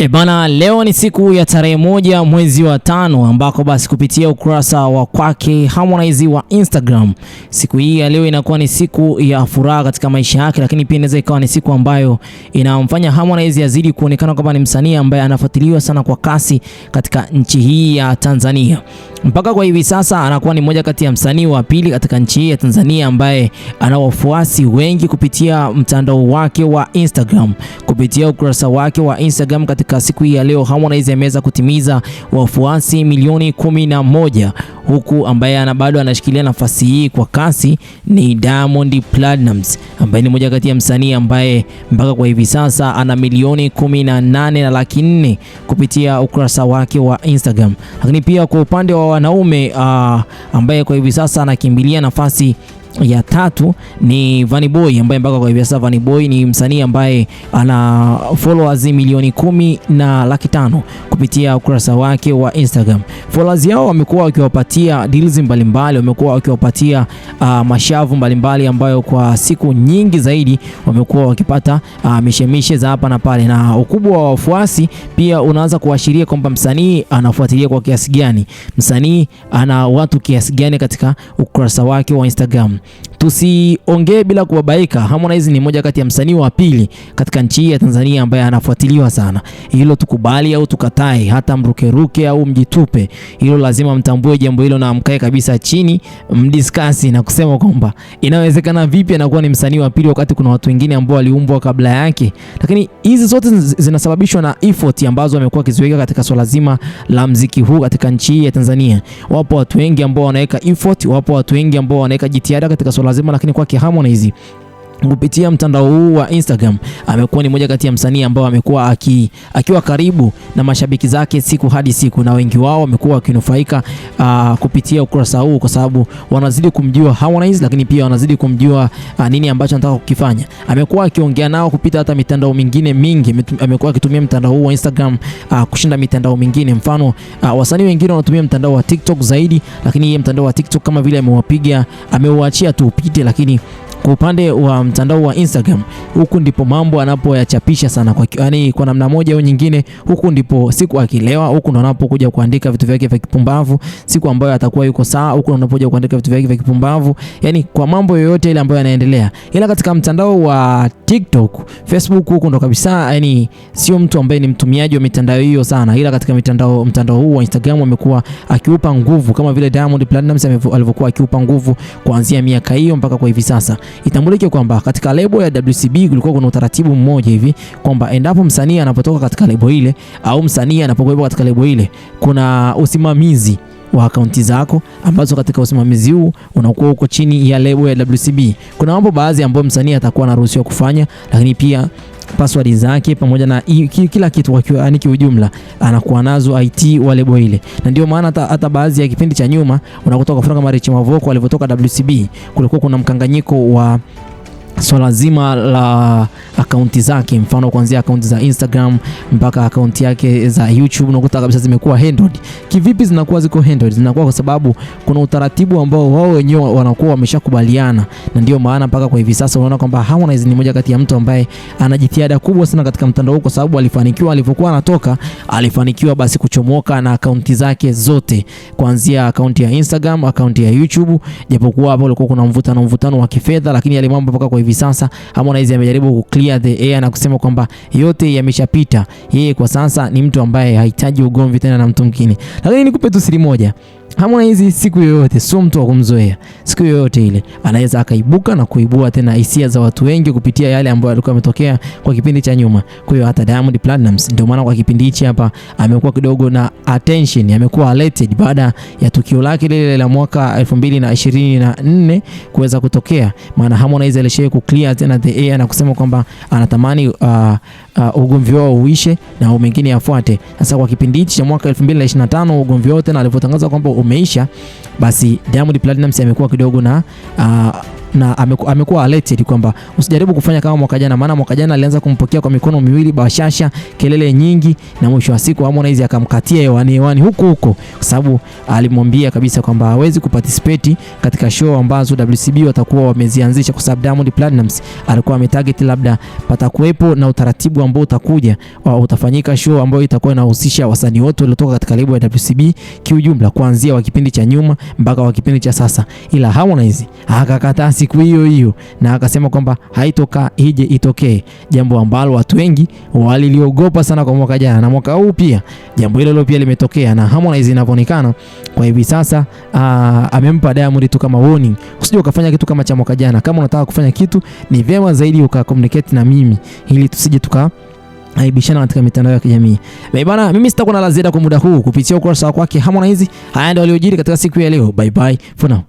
E bana, leo ni siku ya tarehe moja mwezi wa tano ambako basi kupitia ukurasa wa kwake Harmonize wa Instagram, siku hii ya leo inakuwa ni siku ya furaha katika maisha yake, lakini pia inaweza ikawa ni siku ambayo inamfanya Harmonize azidi kuonekana kwamba ni msanii ambaye anafuatiliwa sana kwa kasi katika nchi hii ya Tanzania. Mpaka kwa hivi sasa anakuwa ni moja kati ya msanii wa pili katika nchi hii ya Tanzania ambaye ana wafuasi wengi kupitia mtandao wake wa Instagram, kupitia ukurasa wake wa Instagram katika katika siku hii ya leo Harmonize ameweza kutimiza wafuasi milioni kumi na moja huku ambaye ana bado anashikilia nafasi hii kwa kasi ni Diamond Platnumz ambaye ni moja kati ya msanii ambaye mpaka kwa hivi sasa ana milioni kumi na nane na laki nne kupitia ukurasa wake wa Instagram. Lakini pia kwa upande wa wanaume uh, ambaye kwa hivi sasa anakimbilia nafasi ya tatu ni Vanny Boy ambaye mpaka kwa hivi sasa Vanny Boy ni msanii ambaye ana followers milioni kumi na laki tano kupitia ukurasa wake wa Instagram. Followers yao wamekuwa wakiwapatia deals mbalimbali, wamekuwa wakiwapatia uh, mashavu mbalimbali ambayo kwa siku nyingi zaidi wamekuwa wakipata uh, mishemishe za hapa na pale, na ukubwa wa wafuasi pia unaanza kuashiria kwamba msanii anafuatilia kwa kiasi gani, msanii ana watu kiasi gani katika ukurasa wake wa Instagram. Tusiongee bila kuwabaika. Harmonize ni moja kati ya msanii wa pili katika nchi hii ya Tanzania ambaye anafuatiliwa sana. Hilo tukubali au tukatae, hata mrukeruke au mjitupe, hilo lazima mtambue jambo hilo na mkae kabisa chini mdiskasi na kusema kwamba inawezekana vipi anakuwa ni msanii wa pili wakati kuna watu wengine ambao waliumbwa kabla yake. Lakini hizi zote zinasababishwa na effort ambazo amekuwa akiziweka katika swala zima la mziki huu katika nchi hii ya Tanzania. Wapo watu wengi ambao wanaweka effort, wapo watu wengi ambao wanaweka jitihada katika swala lazima, lakini kwake Harmonize kupitia mtandao huu wa Instagram amekuwa ni moja kati ya msanii ambao amekuwa aki, akiwa karibu na mashabiki zake siku hadi siku, na wengi wao wamekuwa wakinufaika uh, kupitia ukurasa huu, kwa sababu wanazidi kumjua Harmonize, lakini pia wanazidi kumjua uh, nini ambacho anataka kukifanya. Amekuwa akiongea nao kupita hata mitandao mingine mingi, amekuwa akitumia mtandao huu wa Instagram uh, kushinda mitandao mingine. Mfano uh, wasanii wengine wanatumia mtandao wa TikTok zaidi, lakini yeye mtandao wa TikTok kama vile amewapiga, ameuachia tu upite, lakini kwa upande wa mtandao wa Instagram, huku ndipo mambo anapoyachapisha sana kwa yani, kwa namna moja au nyingine, huku ndipo siku akilewa, huku ndo anapokuja kuandika vitu vyake vya kipumbavu. Siku ambayo atakuwa yuko sawa, huku ndo anapokuja kuandika vitu vyake vya kipumbavu, yani kwa mambo yoyote ile ambayo yanaendelea. Ila katika mtandao wa TikTok, Facebook, huku ndo kabisa, yani sio mtu ambaye ni mtumiaji wa mitandao hiyo sana, ila katika mitandao mtandao huu wa Instagram amekuwa akiupa nguvu kama vile Diamond Platnumz alivyokuwa akiupa nguvu kuanzia miaka hiyo mpaka kwa hivi sasa itambulike kwamba katika lebo ya WCB kulikuwa kuna utaratibu mmoja hivi kwamba endapo msanii anapotoka katika lebo ile au msanii anapokuwepo katika lebo ile, kuna usimamizi wa akaunti zako ambazo katika usimamizi huu unakuwa uko chini ya lebo ya WCB. Kuna mambo baadhi ambayo msanii atakuwa anaruhusiwa kufanya, lakini pia password zake pamoja na kila kitu, yani kiujumla anakuwa nazo IT wale boy ile, na ndio maana hata baadhi ya kipindi cha nyuma unakuta kwa mfano kama Rich Mavoko alivyotoka WCB kulikuwa kuna mkanganyiko wa swala so zima la akaunti zake, mfano kuanzia akaunti za Instagram mpaka akaunti yake za YouTube, unakuta kabisa zimekuwa handled. Kivipi zinakuwa ziko handled? Zinakuwa kwa sababu kuna utaratibu ambao wao wenyewe wanakuwa wameshakubaliana, na ndio maana mpaka kwa hivi sasa unaona kwamba Harmonize ni moja kati ya mtu ambaye ana jitihada kubwa sana katika mtandao huu, kwa sababu alifanikiwa, alivyokuwa anatoka alifanikiwa basi kuchomoka na akaunti zake zote, kuanzia akaunti ya Instagram, akaunti ya YouTube, japokuwa hapo ulikuwa kuna mvutano mvutano wa kifedha, lakini aliamua mpaka kwa hivi hivi sasa Harmonize amejaribu ku clear the air na kusema kwamba yote yameshapita, yeye kwa sasa ni mtu ambaye hahitaji ugomvi tena na mtu mwingine. Lakini nikupe tu siri moja, Harmonize siku yoyote sio mtu wa kumzoea, siku yoyote ile anaweza akaibuka na kuibua tena hisia za watu wengi kupitia yale ambayo alikuwa ametokea kwa kipindi cha nyuma. Kwa hiyo hata Diamond Platnumz ndio maana kwa kipindi hichi hapa amekuwa kidogo na attention, amekuwa alerted baada ya tukio lake lile la mwaka 2024 kuweza kutokea, maana Harmonize alishaye ku clear tena the air na kusema kwamba anatamani uh, uh, ugomvi wao uishe na mengine yafuate. Sasa kwa kipindi hichi cha mwaka 2025 ugomvi wote na alivyotangaza kwamba umeisha, basi Diamond Platnumz amekuwa kidogo na uh, na amekuwa alerted kwamba usijaribu kufanya kama mwaka jana, maana mwaka jana alianza kumpokea kwa mikono miwili, bashasha, kelele nyingi, na mwisho wa siku Harmonize akamkatia hewani hewani huko huko, kwa sababu alimwambia kabisa kwamba hawezi kuparticipate katika show ambazo WCB watakuwa wamezianzisha, kwa sababu Diamond Platnumz alikuwa ametarget labda patakuwepo na utaratibu ambao utakuja utafanyika show ambayo itakuwa inahusisha wasanii wote waliotoka katika lebo ya WCB kiujumla, kuanzia wa kipindi cha nyuma mpaka wa kipindi cha sasa, ila Harmonize akakataa siku hiyo hiyo, na akasema kwamba haitoka ije itokee, jambo ambalo watu wengi waliliogopa sana kwa mwaka jana na mwaka huu pia jambo hilo pia limetokea, na Harmonize inavyoonekana kwa hivi sasa ah, amempa Diamond tu kama warning, usije ukafanya kitu kama cha mwaka jana. Kama unataka kufanya kitu, ni vyema zaidi uka communicate na mimi ili tusije tuka aibishana katika mitandao ya kijamii. Bye bana, mimi sitakuwa na la ziada kwa muda huu kupitia ukurasa wake Harmonize. Haya ndio waliojiri katika siku ya leo. Bye bye for now.